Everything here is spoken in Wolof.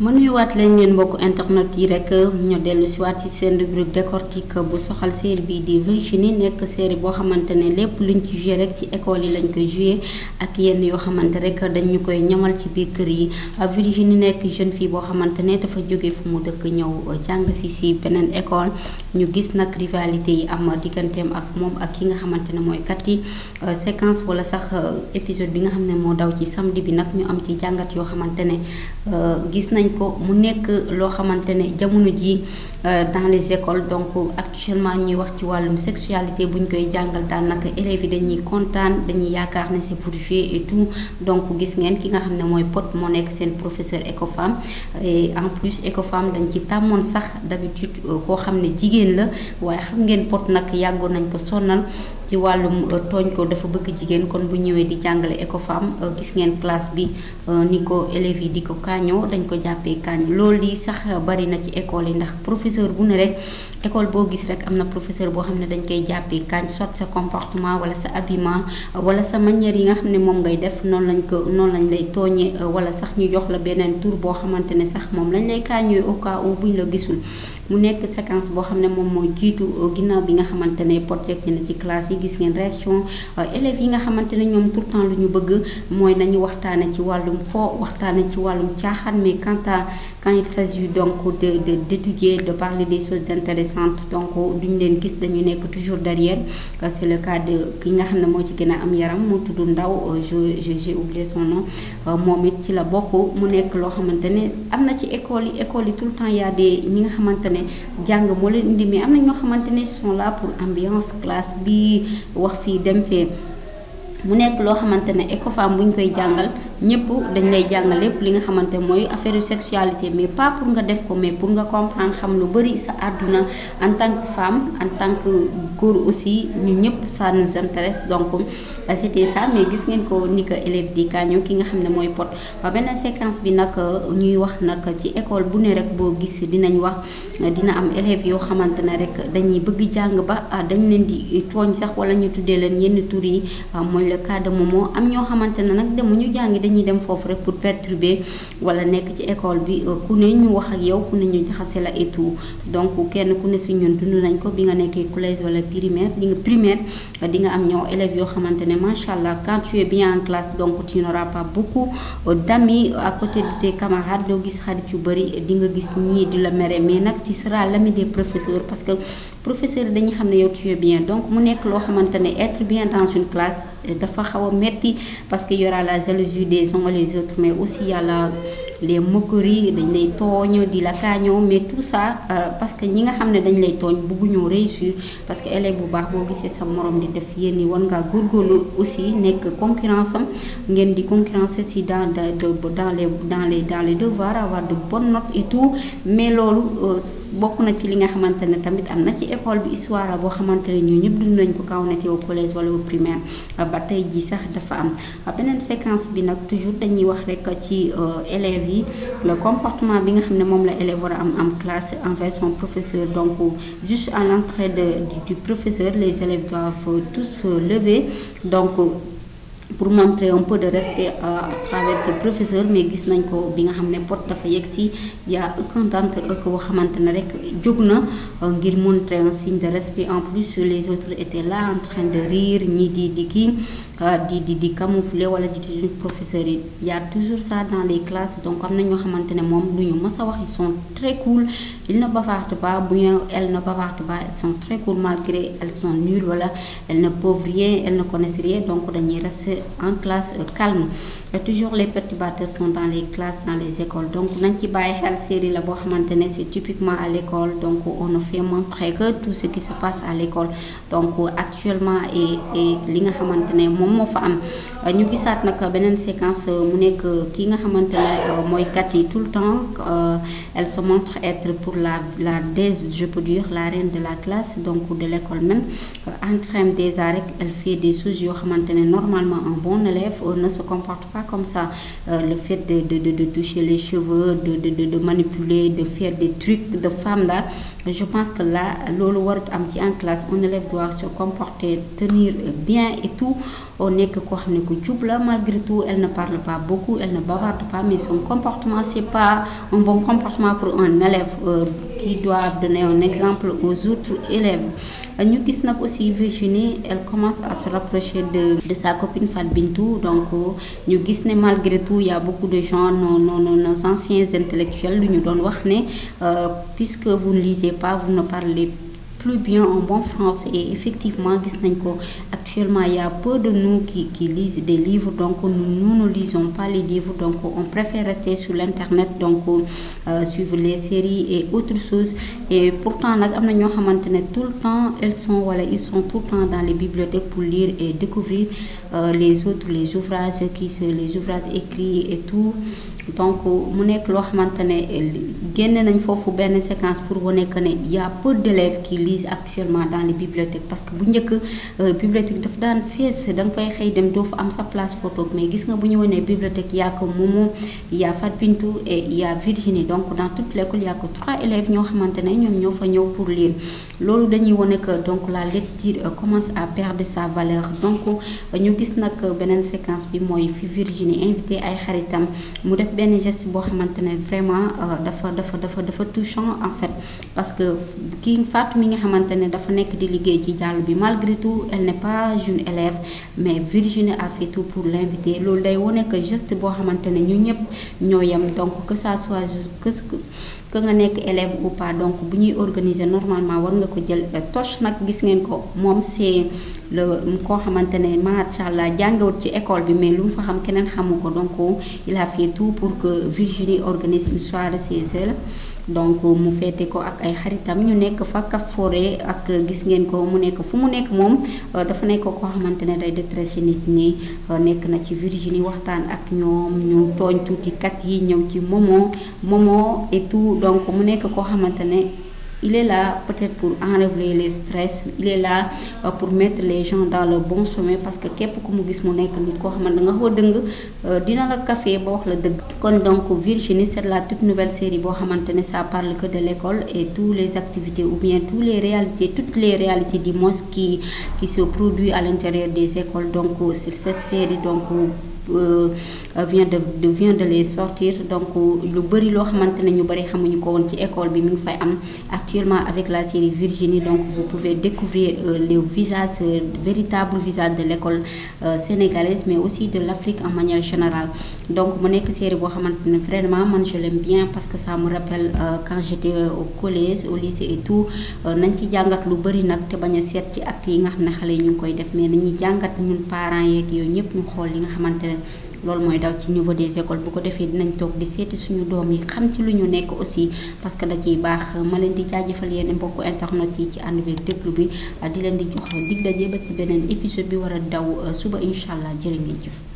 mën waat leen ngeen mbokk internet yi rek ñu dellu si waat si seen rubrique décortique bu soxal série bii di Virginie nekk série boo xamante ne lépp luñ ci joué rek ci école yi lañ koy joué ak yenn yoo xamante rek dañu koy ñamal ci biir kër yi Virginie nekk jeune fille boo xamante ne dafa jóge fu mu dëkk ñëw jàng si si beneen école ñu gis nag rivalité yi am digganteem ak moom ak ki nga xamante ne mooy kat yi euh, séquence wala sax euh, épisode bi nga xam ne moo daw ci samedi bi nag ñu am ci jàngat yoo xamante ne euh, gis nañ ko mu nekk loo xamante ne jamono ji euh, dans les écoles donc actuellement ñuy wax ci wàllum sexualité bu ñu koy jàngal daanaka élèves yi dañuy kontaan dañuy yaakaar ne c'est pour jouer et tout donc gis ngeen ki nga xam ne mooy pot moo nekk seen professeur écofam et en plus écofam dañ ci tàmmoon sax d'habitude euh, koo xam ne jigéen la waaye xam ngeen pot nag yàggoon nañ ko sonnal ci wàllum euh, tooñ ko dafa bëgg jigéen kon bu ñëwee di jàngale Ecofam euh, gis ngeen classe bi euh, ni ko élèves yi di ko kaañoo dañ ko jàppee kaañoo loolu yi sax bari na ci école yi ndax professeur bu ne rek école boo gis rek am na professeur boo xam ne dañ koy jàppee kaañ soit sa comportement wala sa habillement wala sa manière yi nga xam ne moom ngay def noonu lañ ko noonu lañ lay tooñee wala sax ñu jox la beneen tur boo xamante ne sax moom lañ lay kaañoo au cas buñ la gisul mu nekk séquence boo xam ne moom mooy jiitu euh, ginnaaw bi nga xamante ne projeté na ci classe yi gis ngeen réaction euh, élèves yi nga xamante ne ñoom tout le temps lu ñu bëgg mooy nañu waxtaane ci wàllum fo waxtaane ci wàllum caaxaan mais quant à quand il s'agit donc de de d'étudier de parler des choses intéressantes donc duñu leen gis dañu nekk toujours derrière que euh, le cas de ki nga xam ne moo ci gën a am yaram mu tudd Ndaw je je j'ai oublié son nom moom it ci la bokk mu nekk loo xamante ne am na ci école yi école yi tout le temps ñi nga xamante ne jàng moo leen indi mais am na ñoo xamante ne sont là pour ambiance classe bi wax fii dem fee mu nekk loo xamante ne Ecofam bu ñu koy jàngal. ñëpp dañ lay jàngale lépp li nga xamante mooy affaire sexualité mais pas pour nga def ko mais pour nga comprendre xam lu bëri sa àdduna en tant que femme en tant que góor aussi ñu ñëpp ça nous intéresse donc c' était ça mais gis ngeen ko ni que élève di kaño ki nga xam ne mooy pot waa benn séquence bi nag ñuy wax nag ci école bu ne rek boo gis dinañ wax dina am élève yoo xamante ne rek dañuy bëgg jàng ba dañ leen di e, tooñ sax wala ñu tuddee leen yenn tur yi mooy le cas de moment am ñoo xamante ne nag demuñu jàng dañ dañuy dem fofu rek pour perturber wala nekk ci école bi euh, ku ne ñu wax ak yow ku ne ñu jaxase la et tout donc kenn ku ne si ñun dund nañ ko bi nga nekkee collège wala primaire di nga primaire euh, di nga am ñoo élèves yoo xamante ne macha allah quand tu es bien en classe donc tu n'auras pas beaucoup euh, d'amis à côté de tes camarades doo gis xarit yu bëri di nga gis ñii di la mere mais nag tu seras l'ami des professeurs parce que professeur de dañuy xam ne yow tu es bien donc mu nekk loo xamante être bien dans une classe euh, dafa xaw a parce que y aura la jalousie des uns et les autres mais aussi y a la les moqueries dañ lay tooñ di la kaañoo mais tout ça euh, parce que ñi nga xam ne dañ lay tooñ bëgguñoo réussir parce que est bu baax boo gisee sa morom di def yéen ñi war ngaa aussi nekk concurrence am ngeen di concurrence si dans dans les dans les dans les devoirs avoir de bonnes notes et tout mais loolu. Euh, bokk na ci li nga xamante ne tamit am na ci école bi histoire la boo xamante ne ñoo ñëpp dund nañ ko kaw na ci au collège wala au primaire ba tey jii sax dafa am beneen séquence bi nag toujours dañuy wax rek ci euh, élèves yi le comportement bi nga xam ne moom la élève war a am am classe envers son professeur donc juste à l'entrée de du professeur les élèves doivent tous se lever donc pour montrer un peu de respect euh, à travers ce professeur mais gis nañ ko bi nga xamné porte Pod dafa yegg Il y' a aucun d'entre eux boo xamante rek jogna euh, ngir montrer un signe de respect en plus les autres étaient là en train de rire ni di di euh, di di di camoufler wala di di professeur Il y' a toujours ça dans les classes donc amna na ñoo xamante ne moom lu ils sont très cool ils ne bavardent pas bu ñu elles ne bavardent pas elles sont très cool malgré elles sont nulles wala elles ne peuvent rien elles ne connaissent rien donc dañuy rester en classe euh, calme toujours les perturbateurs sont dans les classes dans les écoles donc nañ ci xel série la boo xamante c'est typiquement à l'école donc on a fait montrer que tout ce qui se passe à l'école donc actuellement et et li nga xamante ne moom fa am ñu séquence euh, mu est euh, ki nga xamante ne kat tout le temps elle se montre être pour la la des je peux dire la reine de la classe donc de l'école même en train des arrêts elle fait des choses Je xamante normalement bon élève ne se comporte pas comme ça. Euh, le fait de, toucher les cheveux, de, manipuler, de faire des trucs de femme là, je pense que là, l'eau world am en classe, un élève doit se comporter, tenir bien et tout. On n'est que quoi malgré tout, elle ne parle pas beaucoup, elle ne bavarde pas, mais son comportement, c'est pas un bon comportement pour un élève. Euh, qui doit donner un exemple aux autres élèves. Nous aussi Virginie, elle commence à se rapprocher de, de sa copine Fadbintou. Donc, nous malgré tout, il y a beaucoup de gens, nos, nos, anciens intellectuels, nous donnent, euh, puisque vous ne lisez pas, vous ne parlez pas plus bien en bon français et effectivement actuellement il y a peu de nous qui qui lisent des livres donc nous ne lisons pas les livres donc on préfère rester sur l'internet donc euh, suivre les séries et autres choses et pourtant nous avons tout le temps elles sont voilà ils sont tout le temps dans les bibliothèques pour lire et découvrir euh, les autres les ouvrages qui se les ouvrages écrits et tout donc mu nekk loo xamante ne euh, génne nañ foofu benn séquence pour wane que ne y' a peu d'élèves qui lisent actuellement dans les bibliothèques parce que bu njëkk euh, bibliothèque daf daan fees da nga fay xëy dem doo fa am sa place photo mais gis nga bu ñu wanee bibliothèque y' a que Momo y' a Fat et et y' a Virginie donc dans toute l' il y' a que trois élèves ñoo xamante ne ñoom ñoo fa ñëw pour lire loolu dañuy wane que donc la lecture euh, commence à perdre sa valeur donc ñu gis nag beneen séquence bi mooy fi Virginie invité ay xaritam mu def def benn geste boo xamante ne vraiment euh, dafa dafa dafa dafa touchant en fait parce que kii Fatou mi nga xamante ne dafa nekk di liggéey ci jàll bi malgré tout elle n'est pas jeune élève mais Virginie a fait tout pour l'inviter loolu day wone que geste boo xamante ne ñu ñëpp ñoo yem donc que ça soit que ke nga nekk élève ou pas donc bu ñuy organiser normalement war nga ko jël euh, toche nak gis ngeen ko moom c' est le ko xamantene maasàllaa jàngewut ci école bi mais lu mu fa xam keneen xamu ko donc il a fait tout pour que Virginie organise une soirée chez elle donc mu féete ko ak ay xaritam ñu nekk fa Cap ak gis ngeen ko mu nekk fu mu nekk moom euh, dafa nekk koo xamante ne day détresse nit ñi euh, nekk na ci Virginie waxtaan ak ñoom ñu tooñ tuuti kat yi ñëw ci Momo Momo et tout donc mu nekk koo xamante ne. Il est là peut-être pour enlever les stress il est là euh, pour mettre les gens dans le bon sommeil parce que képp ku mu gis mu nekk nit koo xam ne nga xaw a dëng euh, dina la café ba wax la dëgg. kon donc Virginie c'est la toute nouvelle série boo xamante ne ça parle que de l'école et tous les activités ou bien toutes les réalités toutes les réalités du monde qui qui se produit à l'intérieur des écoles donc euh, c'est cette série donc. Euh, vient de vient de les sortir donc le bëri lo xamantene ñu bari xamuñu ko ci école bi mi ngi fay am actuellement avec la série Virginie donc vous pouvez découvrir euh, les visages euh, véritables visages de l'école sénégalaise mais aussi de l'Afrique en manière générale donc mon nek série bo vraiment man je l'aime bien parce que ça me rappelle quand j'étais au collège au lycée et tout nañ ci jangat lu bëri nak te baña a ci de yi nga xam ñu koy def mais dañuy jangat ñun parents yoy ñu xol li nga xamantene leneen loolu mooy daw ci niveau de écoles bu ko defee dinañ toog di seeti suñu doom yi xam ci lu ñu nekk aussi parce que da ciy baax ma leen di jaajëfal yéen mbokku internet yi ci ànd beeg déglu bi di leen di jox dig daje ba ci beneen épisode bi war a daw suba incha allah jërë ngeen jëf